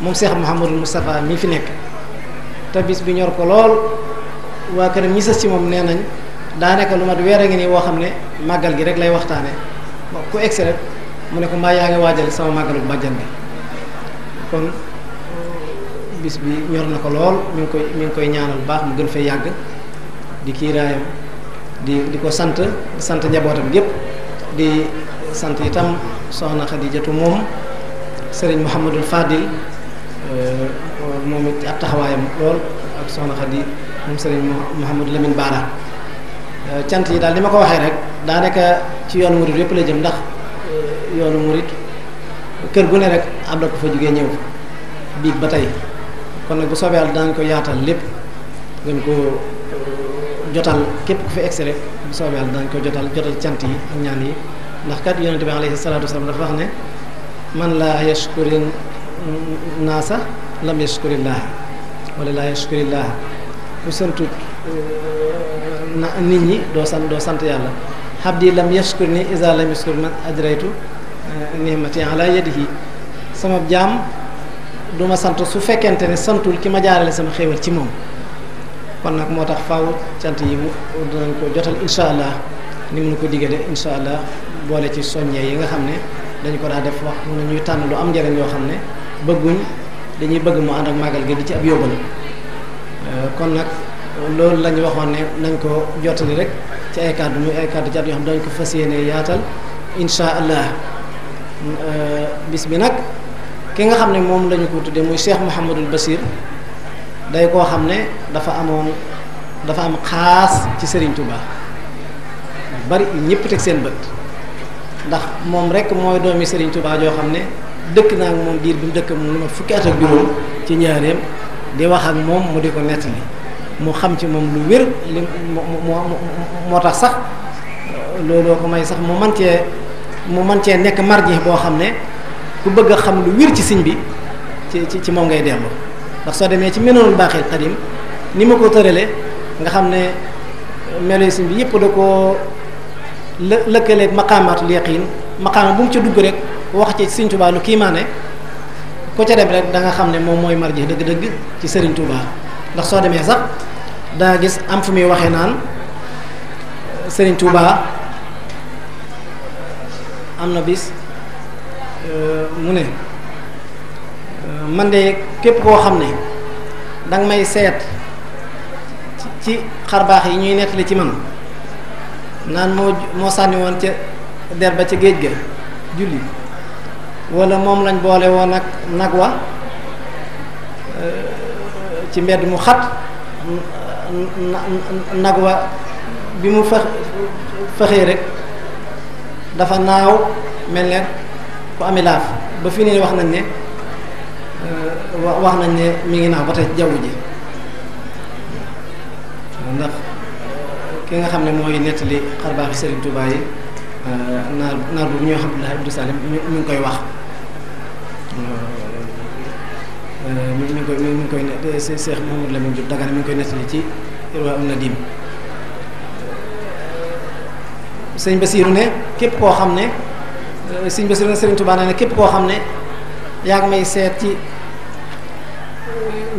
moom Seex Muhammadul Moustapha mi fi nekk te bis bi ñor ko lool waa këram ñi sa ci moom nee nañ daanaka lu mat weer a ngi nii woo xam ne màggal gi rek lay waxtaane ku egsi rek mu ne ko mbaa yaa ngi waajal sama màggalu bàjjan bi kon bis bi ñor na ko lool mi ngi koy mi ngi koy ñaanal baax mu gën fee yàgg di kiiraayam di di ko sant sant njabootam gépp di sant itam soxna Xadijatu moom sëriñ Mouhamadul Fadil euh, moom it ab taxawaayam lool ak soxna Xadi moom sëriñ Mouhamadou Lamine Baara euh, cant yi daal li ma ko waxee rek daanaka ci yoonu murit yépp la jëm ndax euh, yoonu murit kër gu ne rek am na ko fa jógee ñëw biig ba tey kon nag bu soobee yàlla daañu ko yaatal lépp dañ ko jotal képp ku fi egsi rek bu soobee yàlla daañu ko jotal jotal cant yi ak ñaan yi ndax kat yonente bi alayhi salaatu wasalaam dafa wax ne man laa yashkuri naasa lam yashkuri laaha wala eh, nit ñi doo sant doo sant yàlla xabdi lam yashkur ni isa lam yashkur man ajraytu eh, nihmati ala yadihi sama jaam du ma sant su fekkente ne santul ki ma jaarale sama xéewal ci moom kon nag moo tax faw cant yi mu danañ ko jotal incha allah ni mu ko diggee de incha allah boole ci soññee yi nga xam ne dañ ko daa def wax mu na ñuy tànn lu am njëriñ yoo xam ne bëgguñ dañuy bëgg mu ànd ak màggal gi di ci ab yóbbal euh, kon nag loolu la waxoon ne nañ ko jottali rek ci ay kàddu muy ay kàddu jàpp yoo xam dañ ko fas yéene yaatal insha allah euh, bis bi nag ki nga xam ne moom lañu ko tuddee muy Cheikh Mouhamadul Basir day koo xam ne dafa amoon dafa am xaas ci Serigne tubaa bari ñëpp teg seen bët. ndax moom rek mooy doomi Serigne Touba joo xam ne dëkk naa moom diir bi dëkk moom lu ma fukki at ak juróom ci ñaareem di wax ak moom mu di ko nettali mu xam ci moom lu wér li mu moo tax sax doo ko may sax mu man cee mu man cee nekk marji boo xam ne ku bëgg a xam lu wér ci siñ bi ci ci ci moom ngay dellu ndax soo demee ci menoonul baaxil xadim ni ma ko tërale nga xam ne melo siñ bi yëpp da koo lë lëkkaleeg maqaamaatul yaqiin maqaama bu mu ca dugg rek wax ci Sëriñ Tuubaa lu kiimaane ku ca dem rek da nga xam ne moom mooy ji dëgg-dëgg ci Sëriñ Tuubaa ndax soo demee sax daa gis am fu muy waxee naan Sëriñ Tuubaa am na bis euh, mu ne euh, man de képp koo xam ne danga may seet ci xar baax yi ñuy nettali ci man naan moo moo sànni woon ca der ba ca géej ga julli wala moom lañ boole woon ak nag wa euh, ci mbedd mu xat nag wa bi mu fa fëxee rek dafa naaw mel ne ku ami laaf ba fi nii wax nañ ne euh, wax nañ ne mi ngi naaw ba tey jaww ji ndax ki nga xam ne mooy nettali xarbaaxi Serigne Touba yi euh, naar naar bu ñoo xam Abdullah Abdou ñu ngi koy wax mi euh, euh, ngi koy mi ngi koy ne Cheikh Mouhamadou Lamine Diop Dagana mi ngi koy nettali ci Irwa am na dim sëñ Basiiru ne képp koo xam ne sëñ Basiiru ne Serigne Touba nee ne képp koo xam ne yaa ngi may seet ci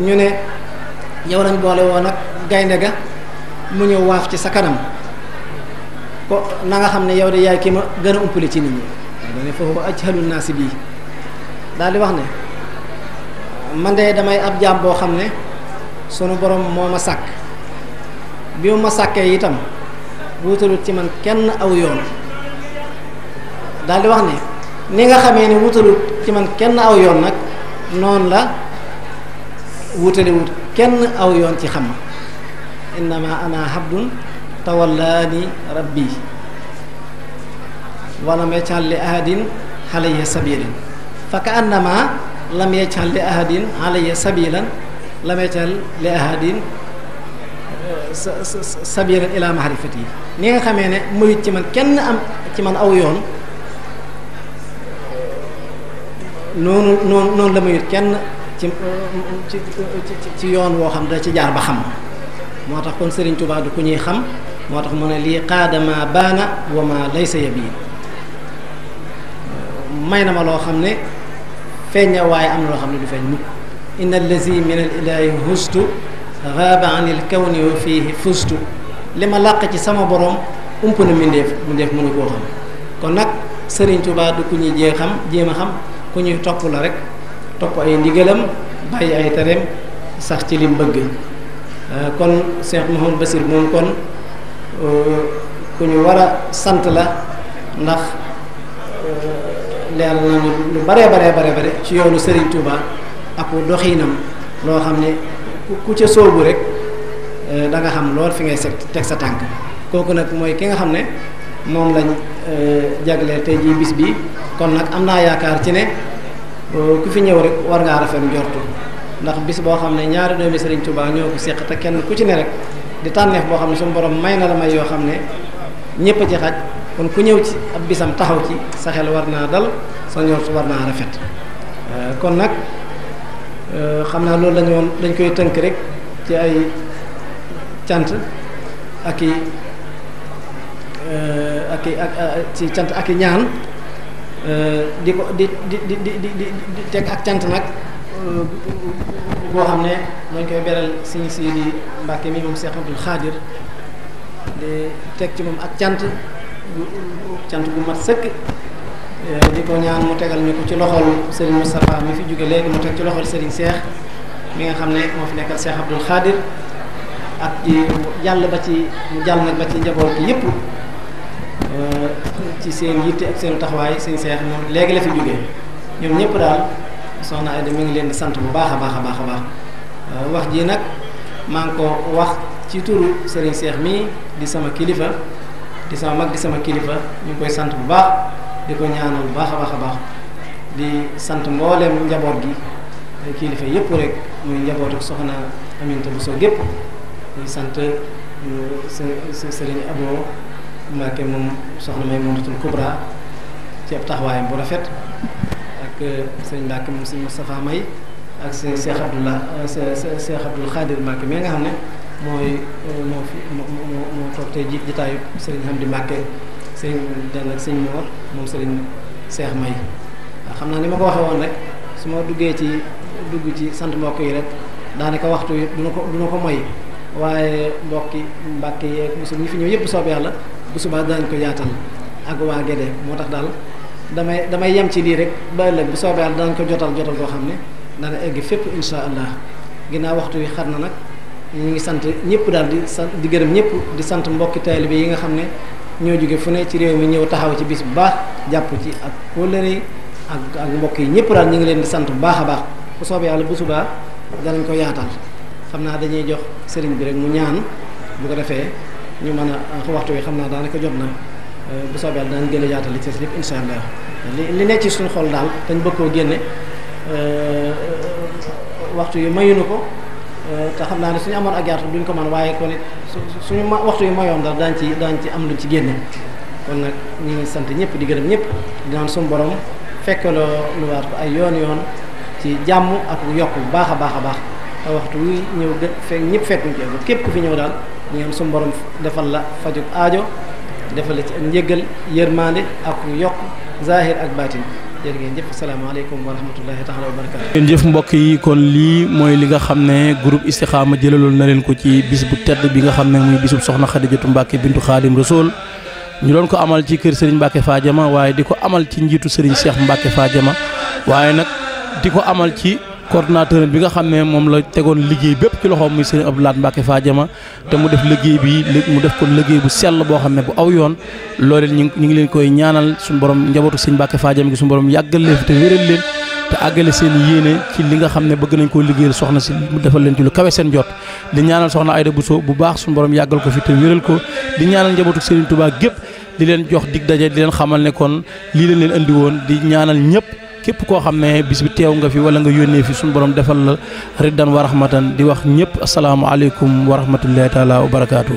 ñu ne yow lañ boole woon ak gaynde ga mu ñëw waaf ci sa kanam ko na nga xam ne yow de yaay ki ma gën a umpale ci nit ñi dane foofu ajhalu naasi bii daal di wax ne man de damay ab jaam boo xam ne sunu borom moo ma sàkk bi mu ma sàkkee itam wutalut ci man kenn aw yoon daal di wax ne ni nga xamee ni wutalut ci man kenn aw yoon nag noonu la wutalewut kenn aw yoon ci xam innama ana habdun tawallaani rabbi walam yajal li ahadin alayya sabilan fa ka annama lam yajal li ahadin li ahadin sabilan ila mahrifati ni nga xamee ne muyut ci man kenn am ci man aw yoon noonu noonu noonu la muyut kenn ci ci yoon woo xam da ci jaar ba xam moo tax kon Serigne Touba du ku ñuy xam moo tax mu ne lii xaadama baana wa ma laysa yabi may na ma loo xam ne feeñ na waaye am loo xam ne du feeñ mukk inna allazi min al ilahi hustu xaaba an il kawni wa fustu li ma làq ci sama borom ump na mindeef mindeef mënu koo xam kon nag sëriñ Touba du ku ñuy jée xam jéem a xam ku ñuy topp la rek topp ay ndigalam bàyyi ay tereem sax ci lim bëgg Euh, kon Cheikh Mouhamadou Bassir moom kon euh, ku ñu war a sant la ndax euh, leer na lu bare bare bare bare ci yoonu Serigne Touba ak doxiinam loo xam ne ku ca sóobu rek danga xam lool fi ngay set teg sa tànk kooku nag mooy ki nga xam ne moom lañ jagle tey jii bis bi kon nag am naa yaakaar ci ne ku fi ñëw rek war ngaa rafet njortu ndax bis boo xam ne ñaari doomi Serigne Touba ñoo ko séq te kenn ku ci ne rek di tànneef boo xam ne suñu borom may na la may yoo xam ne ñëpp a ci xaj kon ku ñëw ci ab bisam taxaw ci sa xel war naa dal sa ñor war naa rafet euh, kon nag euh, xam naa loolu lañu woon dañ koy tënk rek ci ay cant ak i euh, cant ak i ñaan di ko di di di di di teg ak cant nag Euh, boo xam ne mooy koy beral Sëriñ Sidi Mbàkke mi moom Cheikh Abdoul Khadir di teg ci moom ak cant cant bu mat sëkk euh, di ko ñaan mu tegal ñu ko ci loxol Serigne Moustapha mi fi jóge léegi mu teg ci loxol Serigne Cheikh mi nga xam ne moo fi nekkal Cheikh Abdoul Khadir ak di jàll ba ci mu jàll nag ba ci njaboot gi yëpp euh, ci seen yitte ak seen taxawaay Serigne Cheikh moom léegi la fi jóge ñoom ñëpp daal soxna Aida mi ngi leen sant bu baax a baax a baax a euh, wax ji nag maa ngi ko wax ci turu Serigne Cheikh mi di sama kilifa di sama mag di sama kilifa ñu ngi koy sant bu baax di ko ñaanal bu baax a baax a baax di sant mbooleem njaboot gi kilifa yëpp rek muy njabootu soxna Aminta Bousso gépp di sant euh, Serigne Abo Mbacke moom soxna May Mouratoul Kubra ci ab taxawaayam bu rafet. Euh, sëñ Mbacke moom sëñ Moustapha May ak sëñ Cheikh Abdoulah euh, Cheikh Abdoul Khadir Mbacke mais nga xam ne mooy euh, moo fi moo moo toog tey jiit jataayu sëriñ Hamdi Mbacke sëñ dan ak sëñ Mor moom sëriñ Cheikh May xam naa ni ma ko waxee woon rek su ma duggee ci dugg ci sant mbokk yi rek daanaka waxtu yi duna ko duna ko moy waaye mbokki Mbacke yeeg mosul ñi fi ñëw yëpp soob la bu subaa daañu ko yaatal ak waa Gede moo tax daal damay damay yem ci lii rek ba ëllëg bu soobee yàlla danañ ko jotal jotal koo xam ne dana egg fépp insha allah ginnaaw waxtu wi xat na nag ñu ngi sant ñëpp daal di sant di gërëm ñëpp di sant mbokki bi yi nga xam ne ñoo jóge fu ne ci réew mi ñëw taxaw ci bis bu baax jàpp ci ak kóllëre yi ak ak mbokk yi ñëpp daal ñu ngi leen di sant bu baax a baax bu soobee yàlla bu subaa danañ ko yaatal xam naa dañuy jox sëriñ bi rek mu ñaan bu ko defee ñu mën a waxtu wi xam naa daanaka jot na bu soobee yàlla dinañ gën a yaatal li ci des lépp incha li li nekk suñu xol daal dañ bëgg koo génne euh, waxtu yu mayuñu ko euh, te xam naa ne suñu amoon ak yaatu duñ ko mën waaye kon it suñu waxtu yu mayoon daal daañ ci daañ ci am luñ ci génne kon nag ñu sant ñëpp di gërëm ñëpp di naan suñu fekkee fekkeloo lu waat ko ay yoon yoon ci jàmm ak yokk bu baax a baax a baax te waxtu wi ñëw gë fekk ñëpp fekkuñ ci képp ku fi ñëw daal ñu ngi am suñu borom defal la fajug aajo defal la ci ak njëggal yërmande ak yokk zahir ak baatin jërë ngeen jëf asalaamaaleykum wa rahmatullahi taala wa mbokk yi kon lii mooy li nga xam ne groupe Istikhama jëlaloon na leen ko ci bis bu tedd bi nga xam ne muy bisub soxna Xadijatu Mbàkke bintu Xaadim Rasool ñu doon ko amal ci kër Serigne Mbacke ma waaye di ko amal ci njiitu Serigne Cheikh Mbacke Fadiama waaye nag di ko amal ci coordonnateur bi nga xam ne moom la tegoon liggéey bépp ci loxoom muy sëriñ Abdou Lahad Mbacké Fadiama te mu def liggéey bi mu def ko liggéey bu sell boo xam ne bu aw yoon loolee ñu ngi leen koy ñaanal suñu borom njabootu sëñ Mbacké Fadiama gi suñu borom yàggal leen fi te wéral leen te àggale seen yéene ci li nga xam ne bëgg nañ ko liggéeyal soxna si mu defal leen ci lu kawe seen jot di ñaanal soxna bu Bousso bu baax suñu borom yàggal ko fi te wéral ko di ñaanal njabootu sëriñ gépp di leen jox dig daje di leen xamal ne kon lii leen leen andi woon di ñaanal ñëpp képp koo xam ne bis teew nga fi wala nga yónnee fi suñu borom defal la riddan wa rahmatan di wax ñëpp asalaamaaleykum wa rahmatullahi taala wa barakaatu.